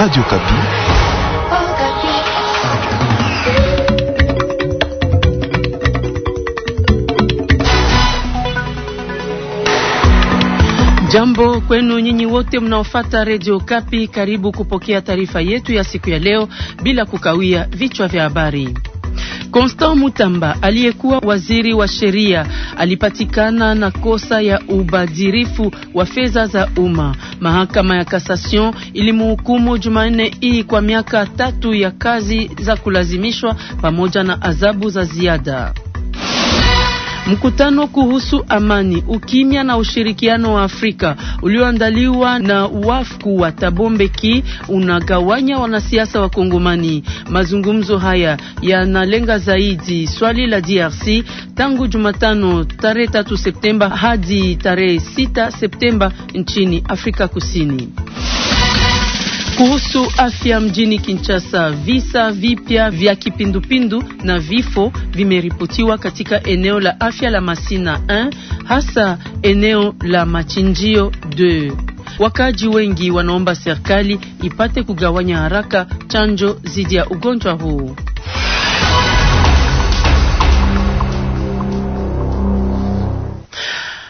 Radio Okapi. Jambo kwenu nyinyi wote mnaofata Radio Kapi, karibu kupokea taarifa yetu ya siku ya leo bila kukawia vichwa vya habari. Constant Mutamba aliyekuwa waziri wa sheria alipatikana na kosa ya ubadhirifu wa fedha za umma. Mahakama ya Cassation ilimhukumu Jumanne hii kwa miaka tatu ya kazi za kulazimishwa pamoja na adhabu za ziada. Mkutano kuhusu amani, ukimya na ushirikiano wa Afrika ulioandaliwa na wafku wa Tabombeki unagawanya wanasiasa wa Kongomani. Mazungumzo haya yanalenga zaidi swali la DRC tangu Jumatano tarehe 3 Septemba hadi tarehe 6 Septemba nchini Afrika Kusini. Kuhusu afya mjini Kinshasa, visa vipya vya kipindupindu na vifo vimeripotiwa katika eneo la afya la Masina 1 hasa eneo la Machinjio 2. Wakaaji wengi wanaomba serikali ipate kugawanya haraka chanjo dhidi ya ugonjwa huu.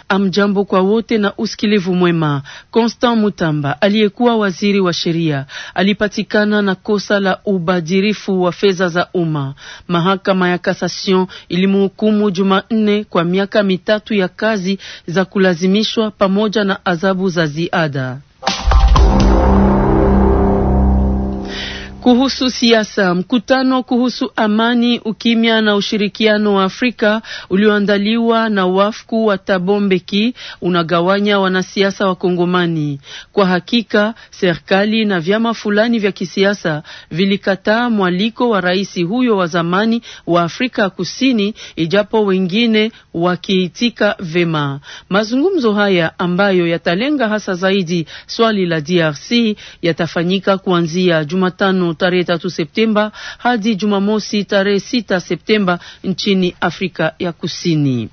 Amjambo kwa wote na usikilivu mwema. Constant Mutamba aliyekuwa waziri wa sheria alipatikana na kosa la ubadhirifu wa fedha za umma. Mahakama ya Cassation ilimhukumu Jumanne kwa miaka mitatu ya kazi za kulazimishwa pamoja na adhabu za ziada. Kuhusu siasa, mkutano kuhusu amani, ukimya na ushirikiano wa Afrika ulioandaliwa na wafku wa Tabombeki unagawanya wanasiasa wa Kongomani. Kwa hakika, serikali na vyama fulani vya kisiasa vilikataa mwaliko wa rais huyo wa zamani wa Afrika Kusini, ijapo wengine wakiitika vema. Mazungumzo haya ambayo yatalenga hasa zaidi swali la DRC yatafanyika kuanzia Jumatano tarehe tatu Septemba hadi Jumamosi tarehe sita Septemba nchini Afrika ya Kusini.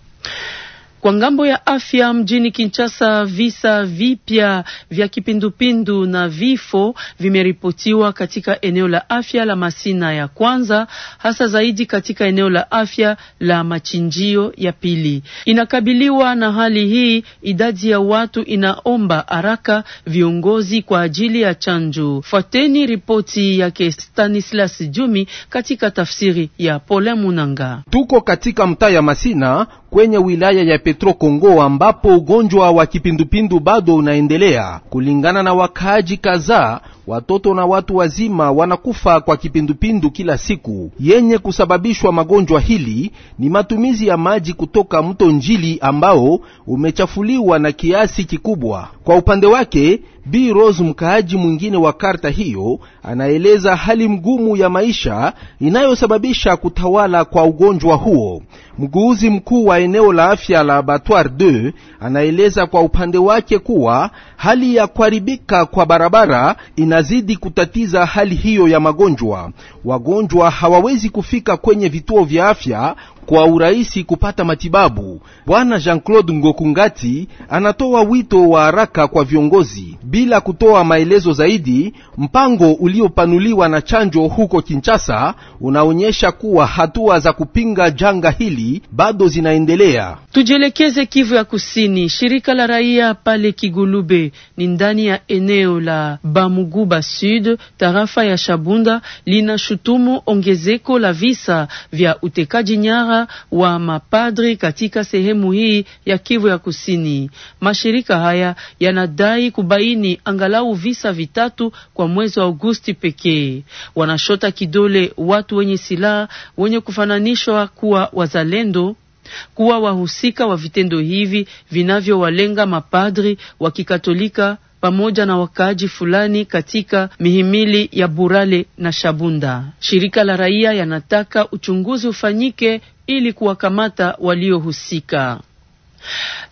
Kwa ngambo ya afya mjini Kinshasa, visa vipya vya kipindupindu na vifo vimeripotiwa katika eneo la afya la Masina ya kwanza, hasa zaidi katika eneo la afya la Machinjio ya pili. Inakabiliwa na hali hii, idadi ya watu inaomba haraka viongozi kwa ajili ya chanjo. Fuateni ripoti yake Stanislas Jumi katika tafsiri ya Pole Munanga. Tuko katika mtaa ya Masina kwenye wilaya ya Petro Kongo, ambapo ugonjwa wa kipindupindu bado unaendelea kulingana na wakaaji kadhaa watoto na watu wazima wanakufa kwa kipindupindu kila siku. Yenye kusababishwa magonjwa hili ni matumizi ya maji kutoka mto Njili ambao umechafuliwa na kiasi kikubwa. Kwa upande wake b Rose, mkaaji mwingine wa karta hiyo, anaeleza hali mgumu ya maisha inayosababisha kutawala kwa ugonjwa huo. Mguuzi mkuu wa eneo la afya la Abattoir 2 anaeleza kwa upande wake kuwa hali ya kuharibika kwa barabara ina inazidi kutatiza hali hiyo ya magonjwa. Wagonjwa hawawezi kufika kwenye vituo vya afya kwa urahisi kupata matibabu. Bwana Jean-Claude Ngokungati anatoa wito wa haraka kwa viongozi. Bila kutoa maelezo zaidi, mpango uliopanuliwa na chanjo huko Kinshasa unaonyesha kuwa hatua za kupinga janga hili bado zinaendelea. Tujielekeze Kivu ya Kusini. Shirika la raia pale Kigulube ni ndani ya eneo la Bamuguba Sud, tarafa ya Shabunda, linashutumu ongezeko la visa vya utekaji nyara mshahara wa mapadri katika sehemu hii ya Kivu ya Kusini. Mashirika haya yanadai kubaini angalau visa vitatu kwa mwezi wa Agosti pekee. Wanashota kidole watu wenye silaha wenye kufananishwa kuwa wazalendo kuwa wahusika wa vitendo hivi vinavyowalenga mapadri wa Kikatolika pamoja na wakaaji fulani katika mihimili ya Burale na Shabunda. Shirika la raia yanataka uchunguzi ufanyike ili kuwakamata waliohusika.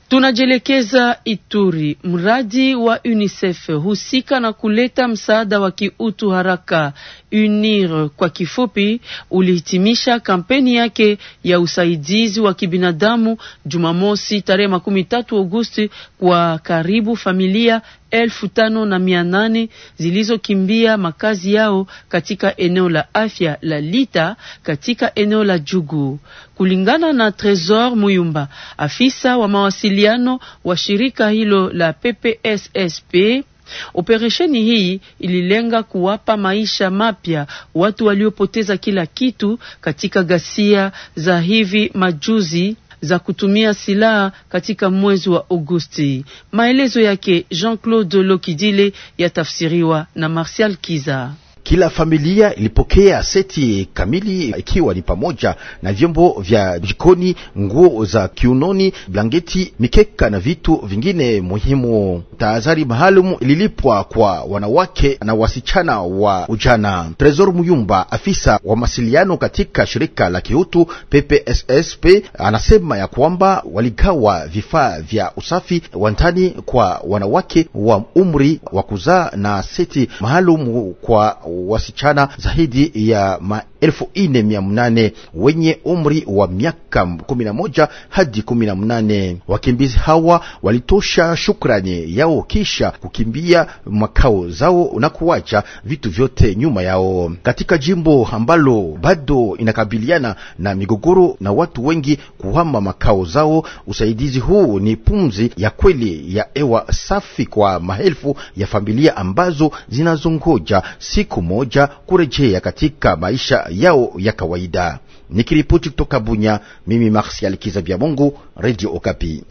Tunajielekeza Ituri. Mradi wa UNICEF husika na kuleta msaada wa kiutu haraka, UNIR kwa kifupi, ulihitimisha kampeni yake ya usaidizi wa kibinadamu Jumamosi tarehe makumi tatu Agosti kwa karibu familia elfu tano na mia nane zilizokimbia makazi yao katika eneo la afya la Lita katika eneo la Jugu, kulingana na Tresor Muyumba, afisa wa mawasili mawasiliano wa shirika hilo la PPSSP. Operesheni hii ililenga kuwapa maisha mapya watu waliopoteza kila kitu katika ghasia za hivi majuzi za kutumia silaha katika mwezi wa Agosti. Maelezo yake Jean-Claude Lokidile yatafsiriwa na Martial Kiza. Kila familia ilipokea seti kamili, ikiwa ni pamoja na vyombo vya jikoni, nguo za kiunoni, blanketi, mikeka na vitu vingine muhimu. Tahadhari maalum ililipwa kwa wanawake na wasichana wa ujana. Tresor Muyumba, afisa wa masiliano katika shirika la kiutu PPSSP, anasema ya kwamba waligawa vifaa vya usafi wa ndani kwa wanawake wa umri wa kuzaa na seti maalum kwa wasichana zaidi ya maelfu ine mia mnane wenye umri wa miaka kumi na moja hadi kumi na mnane. Wakimbizi hawa walitosha shukrani yao kisha kukimbia makao zao na kuwacha vitu vyote nyuma yao katika jimbo ambalo bado inakabiliana na migogoro na watu wengi kuhama makao zao. Usaidizi huu ni pumzi ya kweli ya hewa safi kwa maelfu ya familia ambazo zinazongoja siku mmoja kurejea katika maisha yao ya kawaida. Nikiripoti kutoka Bunya, mimi Marsial Kizabia Mungu, Radio Okapi.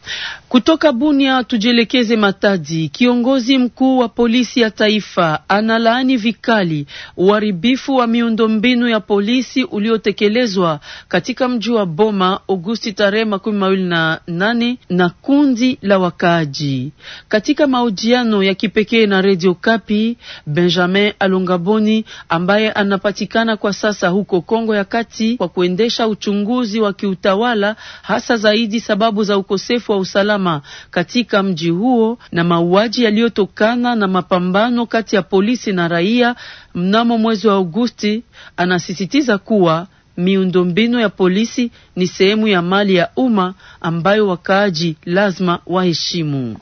Kutoka Bunya tujielekeze Matadi. Kiongozi mkuu wa polisi ya taifa analaani vikali uharibifu wa miundombinu ya polisi uliotekelezwa katika mji wa Boma Agosti tarehe makumi mawili na nane na kundi la wakaaji. Katika mahojiano ya kipekee na Radio Kapi, Benjamin Alongaboni ambaye anapatikana kwa sasa huko Kongo ya Kati kwa kuendesha uchunguzi wa kiutawala hasa zaidi sababu za ukosefu wa usalama katika mji huo na mauaji yaliyotokana na mapambano kati ya polisi na raia mnamo mwezi wa Agosti. Anasisitiza kuwa miundombinu ya polisi ni sehemu ya mali ya umma ambayo wakaaji lazima waheshimu.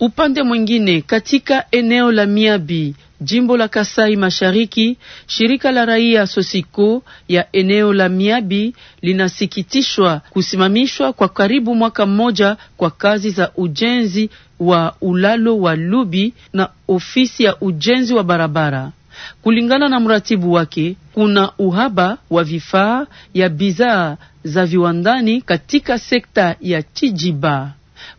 Upande mwingine katika eneo la Miabi Jimbo la Kasai Mashariki, shirika la raia Sosiko ya eneo la Miabi linasikitishwa kusimamishwa kwa karibu mwaka mmoja kwa kazi za ujenzi wa ulalo wa Lubi na ofisi ya ujenzi wa barabara. Kulingana na mratibu wake, kuna uhaba wa vifaa ya bidhaa za viwandani katika sekta ya Chijiba.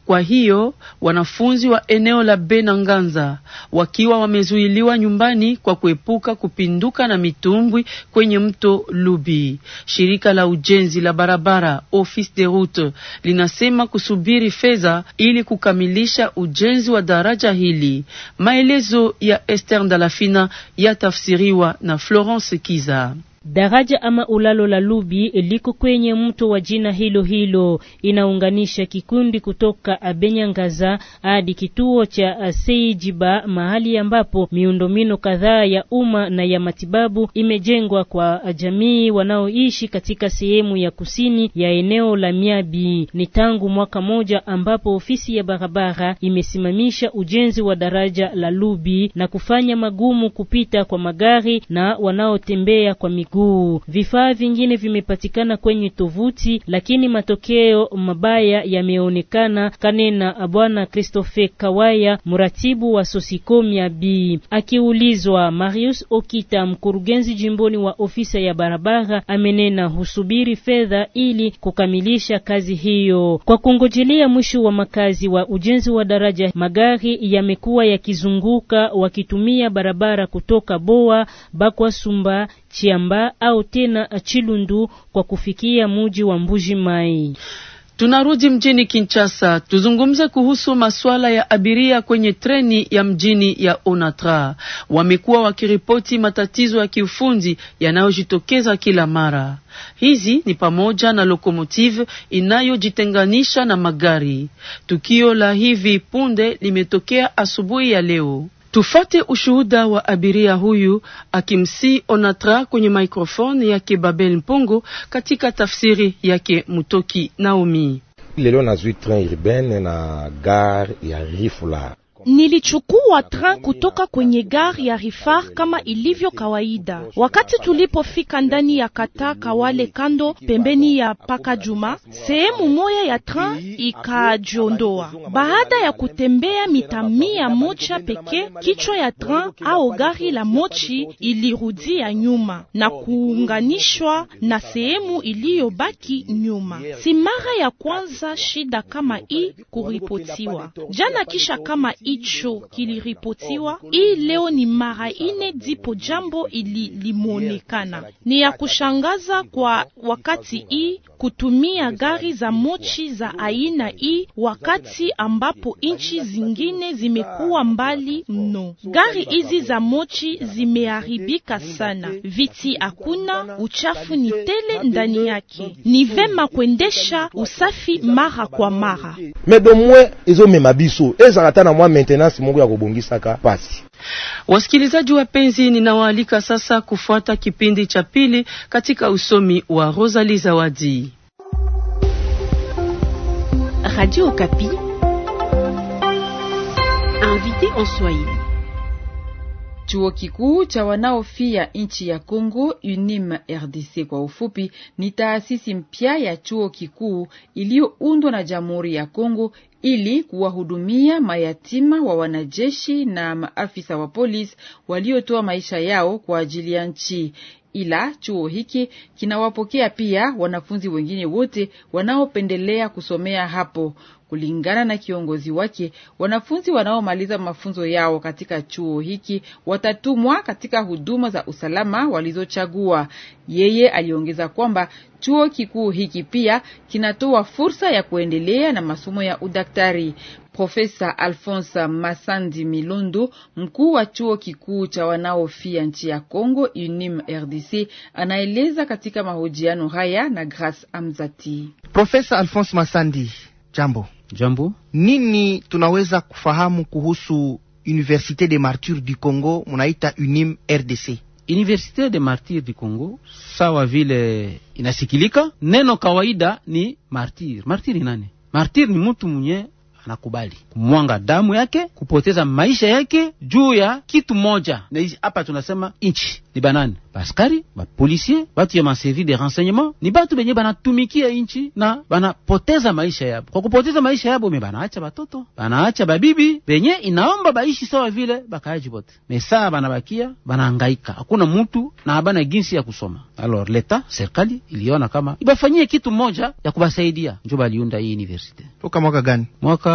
Kwa hiyo wanafunzi wa eneo la Benanganza Nganza wakiwa wamezuiliwa nyumbani kwa kuepuka kupinduka na mitumbwi kwenye mto Lubi. Shirika la ujenzi la barabara Office de Route linasema kusubiri fedha ili kukamilisha ujenzi wa daraja hili. Maelezo ya Esther dalafina yatafsiriwa na Florence Kiza. Daraja ama ulalo la Lubi liko kwenye mto wa jina hilo hilo, inaunganisha kikundi kutoka Abenyangaza hadi kituo cha Seijiba, mahali ambapo miundombinu kadhaa ya umma na ya matibabu imejengwa kwa jamii wanaoishi katika sehemu ya kusini ya eneo la Miabi. Ni tangu mwaka moja ambapo ofisi ya barabara imesimamisha ujenzi wa daraja la Lubi na kufanya magumu kupita kwa magari na wanaotembea kwa miguu miguu. Vifaa vingine vimepatikana kwenye tovuti, lakini matokeo mabaya yameonekana, kanena Bwana Christophe Kawaya, mratibu wa Sosikomia B. Akiulizwa, Marius Okita, mkurugenzi jimboni wa ofisa ya barabara, amenena husubiri fedha ili kukamilisha kazi hiyo kwa kungojelea mwisho wa makazi wa ujenzi wa daraja. Magari yamekuwa yakizunguka wakitumia barabara kutoka Boa Bakwa Sumba Chiamba au tena Chilundu kwa kufikia muji wa Mbuji Mai. Tunarudi mjini Kinshasa, tuzungumze kuhusu masuala ya abiria kwenye treni ya mjini ya Onatra. Wamekuwa wakiripoti matatizo ya kiufundi yanayojitokeza kila mara. Hizi ni pamoja na lokomotive inayojitenganisha na magari. Tukio la hivi punde limetokea asubuhi ya leo. Tufate ushuhuda wa abiria huyu akimsi Onatra kwenye maikrofoni yake Babel Mpongo katika tafsiri yake Mutoki Naomi. Lelo nazwi train urbaine na gare ya Rifula Nilichukua train kutoka kwenye gari ya rifar kama ilivyo kawaida. Wakati tulipofika ndani ya kata Kawale, kando pembeni ya paka Juma, sehemu moya ya tran ikajiondoa. Baada ya kutembea mita mia moja kichwa ya tran au gari la mochi ilirudia nyuma na kuunganishwa na sehemu iliyobaki nyuma. Si mara ya kwanza shida kama hii kuripotiwa. Jana kisha kama hii hicho kiliripotiwa. Hii leo ni mara ine dipo jambo ili limonekana Ni ya kushangaza kwa wakati hii kutumia gari za mochi za aina hii, wakati ambapo nchi zingine zimekuwa mbali mno. Gari hizi za mochi zimeharibika sana, viti hakuna, uchafu ni tele ndani yake. Ni vema kuendesha usafi mara kwa mara maintenance mungu ya ka pasi. Wasikilizaji wapenzi, ninawaalika sasa kufuata kipindi cha pili katika usomi wa Rosalie Zawadi, Radio Okapi. Chuo kikuu cha wanaofia nchi ya Kongo UNIM RDC kwa ufupi, ni taasisi mpya ya chuo kikuu iliyoundwa na Jamhuri ya Kongo ili kuwahudumia mayatima wa wanajeshi na maafisa wa polisi waliotoa maisha yao kwa ajili ya nchi. Ila chuo hiki kinawapokea pia wanafunzi wengine wote wanaopendelea kusomea hapo. Kulingana na kiongozi wake, wanafunzi wanaomaliza mafunzo yao katika chuo hiki watatumwa katika huduma za usalama walizochagua. Yeye aliongeza kwamba chuo kikuu hiki pia kinatoa fursa ya kuendelea na masomo ya udaktari. Profesa Alfonsa Masandi Milundu, mkuu wa chuo kikuu cha wanaofia nchi ya congo UNIM RDC, anaeleza katika mahojiano haya na Grace Amzati. Profesa Alfonse Masandi, jambo. Jambo. Nini tunaweza kufahamu kuhusu Université des Martyrs du Congo munaita UNIM RDC? Université des Martyrs du Congo, sawa vile inasikilika, neno kawaida ni martir. Martir ni nani? Martir ni mtu mwenye anakubali kumwanga damu yake, kupoteza maisha yake juu ya kitu moja, na hapa tunasema nchi ni banani? Baskari, bapolisie, batu ya maservi de renseignement, ni batu benye banatumikia inchi na banapoteza maisha yabo. Kwa kupoteza maisha yabo, me banaacha batoto, banaacha babibi benye inaomba baishi sawa vile bakaaji bote, mesaa banabakia banaangaika, hakuna mutu na habana ginsi ya kusoma. Alors leta serikali iliona kama ibafanyie kitu moja ya kubasaidia, njo baliunda hii universite. Toka mwaka gani? Mwaka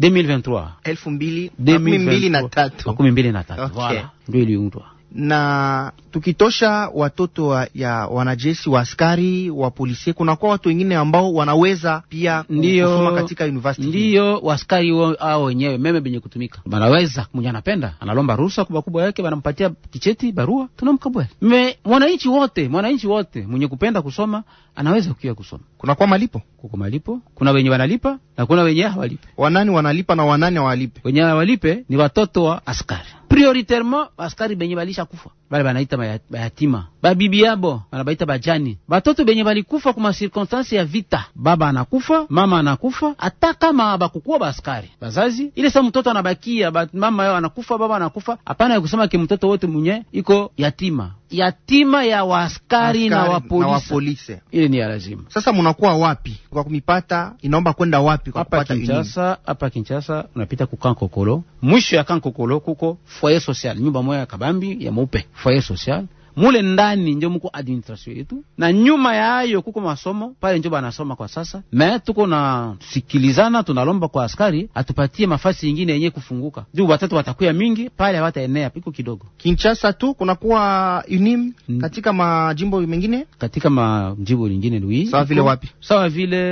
2023 elfu mbili makumi mbili na tatu, makumi mbili na tatu. Okay. Voilà, ndio iliundwa na tukitosha watoto wa, ya wanajeshi wa askari wa polisi, kunakuwa watu wengine ambao wanaweza pia ndiyo, kusoma katika university Ndio waskari wao wenyewe meme benye kutumika wanaweza Mwenye anapenda analomba ruhusa kubwa kubwa yake, wanampatia kicheti barua, tunamkabwe me. Mwananchi wote mwananchi wote mwenye kupenda kusoma anaweza kukia kusoma. Kunakuwa malipo, kuko malipo, kuna wenye wanalipa na kuna wenye hawalipe. Wanani wanalipa na wanani hawalipe? Wenye hawalipe ni watoto wa askari prioritairement askari benye balisha kufa bale banaita bayatima babibi yabo banabaita bajani, batoto benye balikufa kuma circonstance ya vita, baba anakufa, mama anakufa, hata kama bakukuwa baskari bazazi, ile sa mtoto anabakia ba, mama yao anakufa, baba anakufa. Hapana ya kusema ke mtoto wote mwenye iko yatima yatima ya waaskari na wapolisi, ile ni ya lazima. Sasa munakuwa wapi kwa kumipata? Inaomba kwenda wapi kwa kupata? kinchasa Hapa kinchasa unapita kukan kokolo, mwisho ya kan kokolo kuko foyer social, nyumba moya ya kabambi ya mupe foyer social, mule ndani njo muko administration yetu, na nyuma yayo kuko masomo pale, njo banasoma kwa sasa. Me tuko na sikilizana tunalomba kwa askari atupatie mafasi ingine yenye kufunguka juu watoto watakuya mingi pale, hawataenea piko kidogo. Kinshasa tu kunakuwa unim mm. katika majimbo mengine, katika majimbo lingine lui, sawa vile wapi? Sawa vile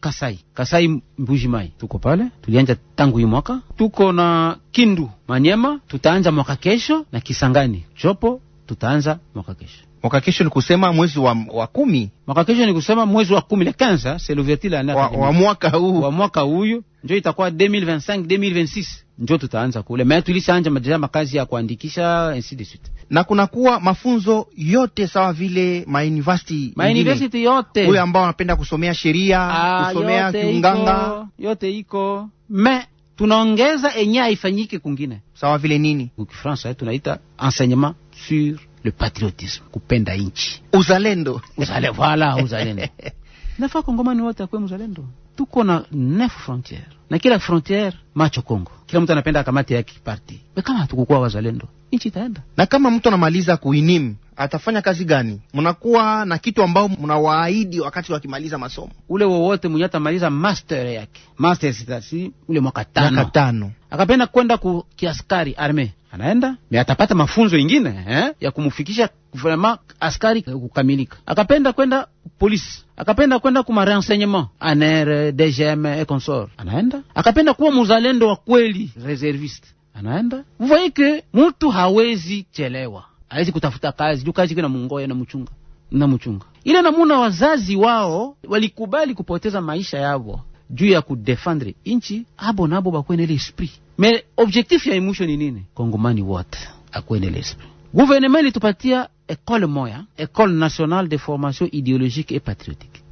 Kasai, Kasai Mbujimai Mai, tuko pale, tulianja tangu hii mwaka. Tuko na Kindu Manyema, tutaanja mwaka kesho na Kisangani Chopo tutaanza mwaka kesho. Mwaka kesho ni kusema mwezi wa, wa kumi. Mwaka kesho ni kusema mwezi wa kumi na 15 c'est l'ouverture wa, wa mwaka huu wa mwaka huyu njo itakuwa 2025 2026 njo tutaanza kule, maana tulishaanza majamaa makazi ya kuandikisha ainsi de suite, na kunakuwa mafunzo yote sawa vile ma university ma university yote, huyo ambao anapenda kusomea sheria ah, kusomea kiunganga yote iko me tunaongeza enye haifanyike kungine sawa vile nini, kwa Kifaransa eh, tunaita enseignement sur le patriotisme, kupenda nchi, uzalendo, uzalendo, voilà, uzalendo. Nafaa kongomani wote akuwe mzalendo. Tuko na neuf frontiere na kila frontiere macho Kongo, kila mtu anapenda akamati yake parti. Kama hatukukuwa wazalendo, nchi itaenda. Na kama mtu anamaliza kuinim atafanya kazi gani? Mnakuwa na kitu ambao mnawaahidi wakati wakimaliza masomo, ule wowote mwenye atamaliza master yake master sitasi ule mwaka tano akapenda kwenda ku kiaskari arme anaenda ni atapata mafunzo ingine eh, ya kumufikisha vrema askari kukamilika. Akapenda kwenda polisi, akapenda kwenda kuma renseignement ANR, DGM et consort, anaenda akapenda kuwa muzalendo wa kweli reserviste, anaenda vaike mutu hawezi chelewa, hawezi kutafuta kazi juu kazi kina mungoya na muchunga na mchunga ile namuna. Wazazi wao walikubali kupoteza maisha yavo juu ya kudefendre nchi abo nabo bakuwe nele esprit. Me objectif ya mwisho ni nini? Kongomani wote akuwe nele esprit. Gouvernement ilitupatia ekole moya, Ecole Nationale de Formation Ideologique et Patriotique.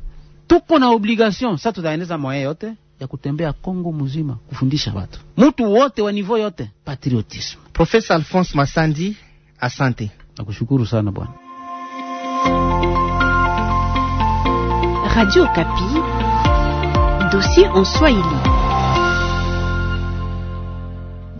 Tuko na obligation sa tutaendeza moya yote ya kutembea Kongo mzima kufundisha watu, mutu wote wa nivo yote patriotisme. Profesa Alphonse Masandi, asante, nakushukuru sana bwana. Radio Kapi. dossier en Swahili.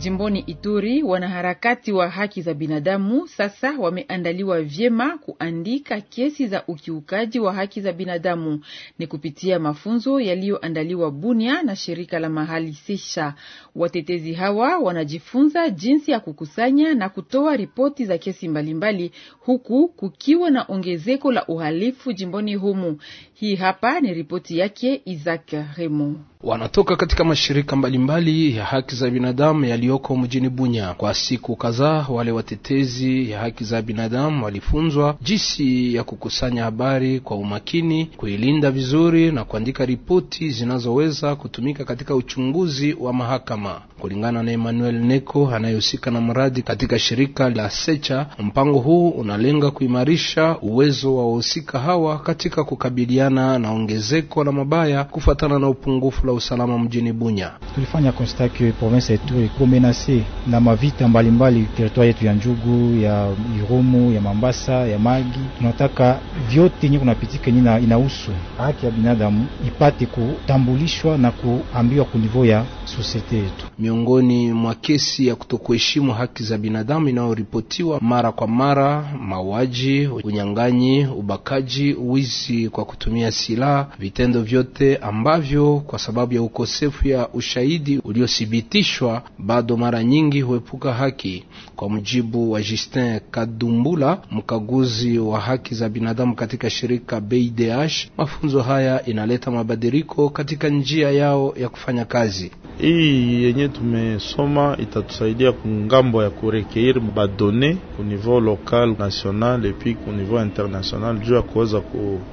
Jimboni Ituri, wanaharakati wa haki za binadamu sasa wameandaliwa vyema kuandika kesi za ukiukaji wa haki za binadamu. Ni kupitia mafunzo yaliyoandaliwa Bunia na shirika la mahali Sisha. Watetezi hawa wanajifunza jinsi ya kukusanya na kutoa ripoti za kesi mbalimbali, huku kukiwa na ongezeko la uhalifu jimboni humu. Hii hapa ni ripoti yake Isaac Remo wanatoka katika mashirika mbalimbali mbali ya haki za binadamu yaliyoko mjini Bunya. Kwa siku kadhaa, wale watetezi ya haki za binadamu walifunzwa jinsi ya kukusanya habari kwa umakini, kuilinda vizuri na kuandika ripoti zinazoweza kutumika katika uchunguzi wa mahakama. Kulingana na Emmanuel Neko anayehusika na mradi katika shirika la Secha, mpango huu unalenga kuimarisha uwezo wa wahusika hawa katika kukabiliana na ongezeko la mabaya kufuatana na upungufu la usalama mjini Bunya. Tulifanya constat que province yetu iko menase na mavita mbalimbali, teritwari yetu ya Njugu, ya Irumu, ya Mambasa, ya Magi. Tunataka vyote nye kunapitika nye inahusu haki ya binadamu ipate kutambulishwa na kuambiwa ku ya sosiete yetu. Miongoni mwa kesi ya kutokuheshimu haki za binadamu inayoripotiwa mara kwa mara, mauaji, unyang'anyi, ubakaji, wizi kwa kutumia silaha, vitendo vyote ambavyo kwa sababu sababu ya ukosefu ya ushahidi uliothibitishwa, bado mara nyingi huepuka haki. Kwa mujibu wa Justin Kadumbula, mkaguzi wa haki za binadamu katika shirika BIDH, mafunzo haya inaleta mabadiliko katika njia yao ya kufanya kazi. Hii yenye tumesoma itatusaidia kungambo ya kurekeir badone ku niveau local national puis ku niveau international juu ya kuweza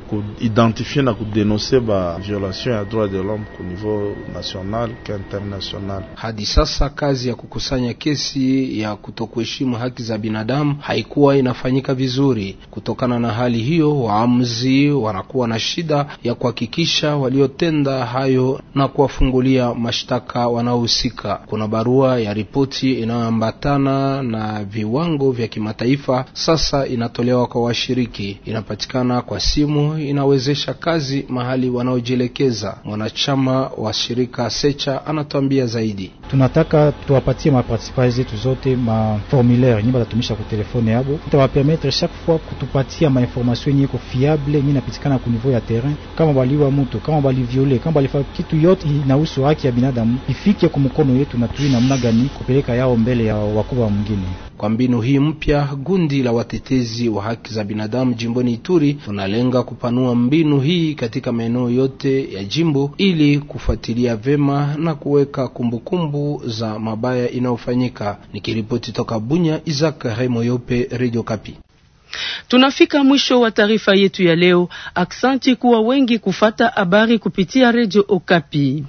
kuidentifie ku na kudenonse ba violation ya droit de l'homme niveau national qu'international. Hadi sasa kazi ya kukusanya kesi ya kutokuheshimu haki za binadamu haikuwa inafanyika vizuri. Kutokana na hali hiyo, waamuzi wanakuwa na shida ya kuhakikisha waliotenda hayo na kuwafungulia mashtaka wanaohusika. Kuna barua ya ripoti inayoambatana na viwango vya kimataifa, sasa inatolewa kwa washiriki, inapatikana kwa simu, inawezesha kazi mahali wanaojielekeza. Mwanachama wa shirika Secha anatuambia zaidi. Tunataka tuwapatie mapartisipa zetu zote maformulaire nye batatumisha ku telefone yabo, itawapermetre chaque fois kutupatia mainformation yenye iko fiable nye napitikana ku niveau ya terrain. Kama baliwa mutu, kama baliviole, kama balifaa kitu yote inahusu haki ya binadamu ifike ku yetu, na tui namna gani kupeleka yao mbele ya wakubwa mwingine. Kwa mbinu hii mpya, gundi la watetezi wa haki za binadamu jimboni Ituri unalenga kupanua mbinu hii katika maeneo yote ya jimbo ili kufuatilia vema na kuweka kumbukumbu za mabaya inayofanyika. Nikiripoti toka Bunya, Isaac Remoyope, Radio Kapi. Tunafika mwisho wa taarifa yetu ya leo. Aksanti kuwa wengi kufata habari kupitia Redio Okapi.